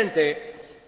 presidente